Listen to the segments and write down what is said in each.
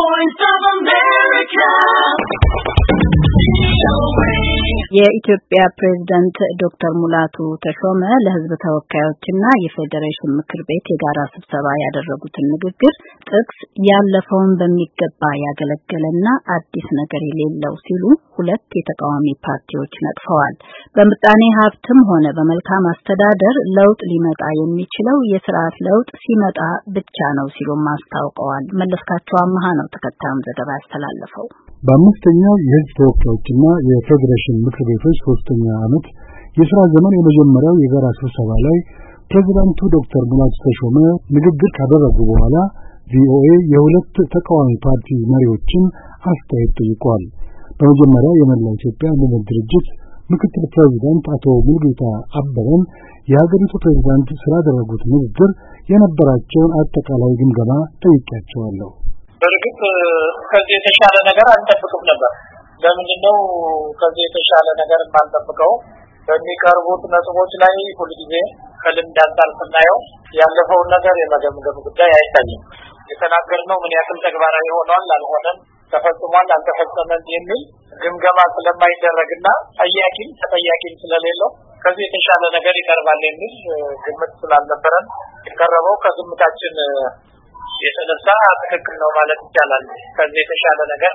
Boys የኢትዮጵያ ፕሬዝደንት ዶክተር ሙላቱ ተሾመ ለህዝብ ተወካዮችና የፌዴሬሽን ምክር ቤት የጋራ ስብሰባ ያደረጉትን ንግግር ጥቅስ ያለፈውን በሚገባ ያገለገለና አዲስ ነገር የሌለው ሲሉ ሁለት የተቃዋሚ ፓርቲዎች ነቅፈዋል። በምጣኔ ሀብትም ሆነ በመልካም አስተዳደር ለውጥ ሊመጣ የሚችለው የስርዓት ለውጥ ሲመጣ ብቻ ነው ሲሉም አስታውቀዋል። መለስካቸው አመሃ ነው ተከታዩን ዘገባ ያስተላለፈው። በአምስተኛው የሕዝብ ተወካዮችና የፌዴሬሽን ምክር ቤቶች ሶስተኛ ዓመት የሥራ ዘመን የመጀመሪያው የጋራ ስብሰባ ላይ ፕሬዚዳንቱ ዶክተር ሙላቱ ተሾመ ንግግር ካደረጉ በኋላ ቪኦኤ የሁለት ተቃዋሚ ፓርቲ መሪዎችን አስተያየት ጠይቋል። በመጀመሪያ የመላ ኢትዮጵያ አንድነት ድርጅት ምክትል ፕሬዚዳንት አቶ ሙሉጌታ አበበን የሀገሪቱ ፕሬዚዳንት ስላደረጉት ንግግር የነበራቸውን አጠቃላይ ግምገማ ጠይቄያቸዋለሁ። በእርግጥ ከዚህ የተሻለ ነገር አንጠብቅም ነበር ለምንድነው ከዚህ የተሻለ ነገር የማንጠብቀው? በሚቀርቡት ነጥቦች ላይ ሁልጊዜ ከልምድ አንጻር ስናየው ያለፈውን ነገር የመገምገም ጉዳይ አይታይም። የተናገርነው ምን ያክል ተግባራዊ ሆኗል አልሆነም፣ ተፈጽሟል አልተፈጸመም የሚል ግምገማ ስለማይደረግና ጠያቂም ተጠያቂም ስለሌለው ከዚህ የተሻለ ነገር ይቀርባል የሚል ግምት ስላልነበረን የቀረበው ከግምታችን የተነሳ ትክክል ነው ማለት ይቻላል። ከዚህ የተሻለ ነገር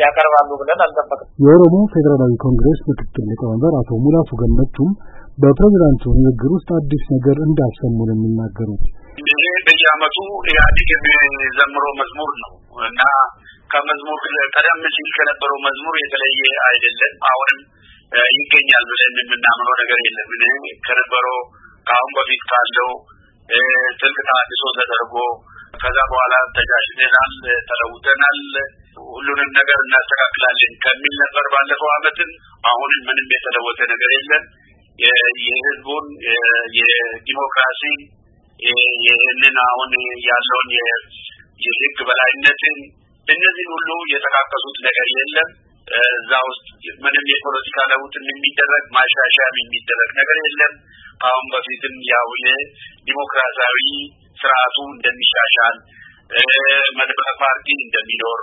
ያቀርባሉ ብለን አልጠበቅም። የኦሮሞ ፌዴራላዊ ኮንግሬስ ምክትል ሊቀመንበር አቶ ሙላቱ ገመቹም በፕሬዚዳንቱ ንግግር ውስጥ አዲስ ነገር እንዳሰሙ ነው የሚናገሩት። ይሄ በየዓመቱ ኢህአዴግ መዝሙር ነው እና ከመዝሙር ቀደም ሲል ከነበረው መዝሙር የተለየ አይደለም። አሁንም ይገኛል ብለን የምናምነው ነገር የለም። ከነበረው ከአሁን በፊት ካለው ትልቅ ተሐድሶ ተደርጎ ከዛ በኋላ ተሻሽለናል፣ ተለውጠናል፣ ሁሉንም ነገር እናስተካክላለን ከሚል ነበር ባለፈው አመትን። አሁንም ምንም የተለወጠ ነገር የለም። የህዝቡን የዲሞክራሲ ይህንን አሁን ያለውን የህግ በላይነትን እነዚህ ሁሉ የተካከሱት ነገር የለም። እዛ ውስጥ ምንም የፖለቲካ ለውጥ የሚደረግ ማሻሻያም የሚደረግ ነገር የለም። ከአሁን በፊትም ያው ዲሞክራሲያዊ። ስርዓቱ እንደሚሻሻል መድበለ ፓርቲ እንደሚኖር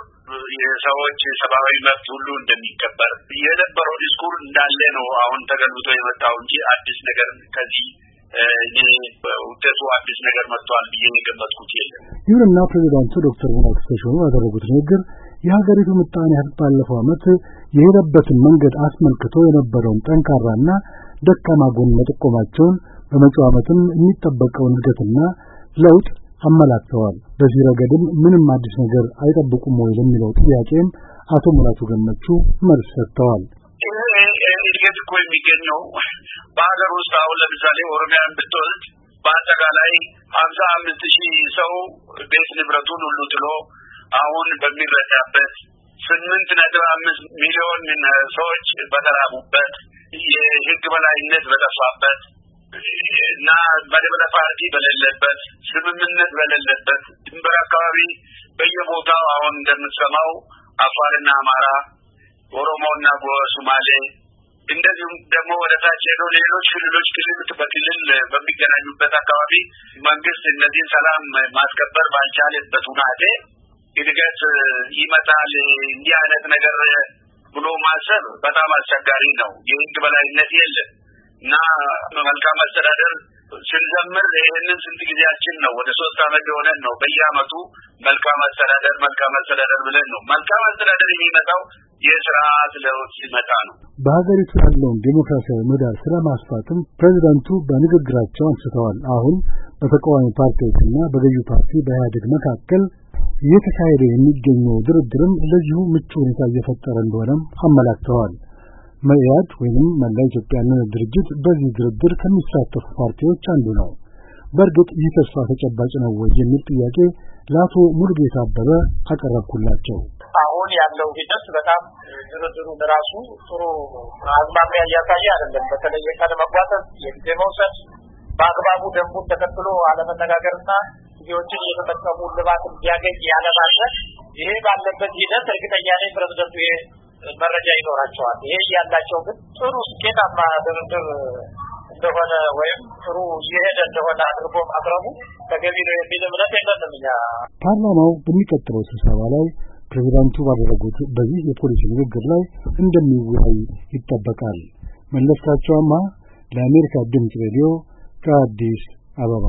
የሰዎች ሰብአዊ መብት ሁሉ እንደሚከበር የነበረው ዲስኩር እንዳለ ነው። አሁን ተገልብጦ የመጣው እንጂ አዲስ ነገር ከዚህ ውጤቱ አዲስ ነገር መጥቷል ብዬ የገመጥኩት የለም። ይሁንና ፕሬዚዳንቱ ዶክተር ሙላቱ ተሾመ ያደረጉት ንግግር የሀገሪቱ ምጣኔ ሀብት ባለፈው ዓመት የሄደበትን መንገድ አስመልክቶ የነበረውን ጠንካራና ደካማ ጎን መጠቆማቸውን በመጪው ዓመትም የሚጠበቀውን እድገትና ለውጥ አመላክተዋል። በዚህ ረገድም ምንም አዲስ ነገር አይጠብቁም ወይ ለሚለው ጥያቄም አቶ ሙላቱ ገመቹ መልስ ሰጥተዋል። እድገት እኮ የሚገኘው በሀገር ውስጥ አሁን ለምሳሌ ኦሮሚያን ብትወስድ በአጠቃላይ ሀምሳ አምስት ሺህ ሰው ቤት ንብረቱን ሁሉ ጥሎ አሁን በሚረዳበት ስምንት ነጥብ አምስት ሚሊዮን ሰዎች በተራቡበት የህግ በላይነት በጠፋበት እና መደበለ ፓርቲ በሌለበት ስምምነት በሌለበት ድንበር አካባቢ በየቦታው አሁን እንደምትሰማው አፋርና አማራ፣ ኦሮሞና ሶማሌ እንደዚሁም ደግሞ ወደ ታች ሄዶ ሌሎች ክልሎች ክልል በክልል በሚገናኙበት አካባቢ መንግስት እነዚህን ሰላም ማስከበር ባልቻለበት ሁናቴ እድገት ይመጣል እንዲህ አይነት ነገር ብሎ ማሰብ በጣም አስቸጋሪ ነው። የህግ በላይነት የለም። እና በመልካም አስተዳደር ስንዘምር ይህንን ስንት ጊዜያችን ነው? ወደ ሶስት አመት የሆነን ነው። በየአመቱ መልካም አስተዳደር መልካም አስተዳደር ብለን ነው። መልካም አስተዳደር የሚመጣው የስርዓት ለውጥ ሲመጣ ነው። በሀገሪቱ ያለውን ዴሞክራሲያዊ ምህዳር ስለ ማስፋትም ፕሬዚዳንቱ በንግግራቸው አንስተዋል። አሁን በተቃዋሚ ፓርቲዎችና በገዢው ፓርቲ በኢህአዴግ መካከል እየተካሄደ የሚገኘው ድርድርም ለዚሁ ምቹ ሁኔታ እየፈጠረ እንደሆነም አመላክተዋል። መኢአድ ወይም መላ ኢትዮጵያ አንድነት ድርጅት በዚህ ድርድር ከሚሳተፉ ፓርቲዎች አንዱ ነው። በእርግጥ ይህ ተስፋ ተጨባጭ ነው ወይ የሚል ጥያቄ ለአቶ ሙሉጌታ አበበ አቀረብኩላቸው። አሁን ያለው ሂደት በጣም ድርድሩ ራሱ ጥሩ አዝማሚያ እያሳየ አይደለም። በተለየ የቀን መጓተት፣ የጊዜ መውሰድ፣ በአግባቡ ደንቡን ተከትሎ አለመነጋገርና ጊዜዎችን እየተጠቀሙ ልባት እንዲያገኝ ያለማድረግ ይሄ ባለበት ሂደት እርግጠኛ ነኝ ይሄ መረጃ ይኖራቸዋል። ይሄ እያላቸው ግን ጥሩ ስኬታማ ድርድር እንደሆነ ወይም ጥሩ እየሄደ እንደሆነ አድርጎ ማቅረቡ ተገቢ ነው የሚል እምነት የለንም እኛ። ፓርላማው በሚቀጥለው ስብሰባ ላይ ፕሬዚዳንቱ ባደረጉት በዚህ የፖሊሲ ንግግር ላይ እንደሚወያይ ይጠበቃል። መለስካቸው አማ ለአሜሪካ ድምፅ ሬዲዮ ከአዲስ አበባ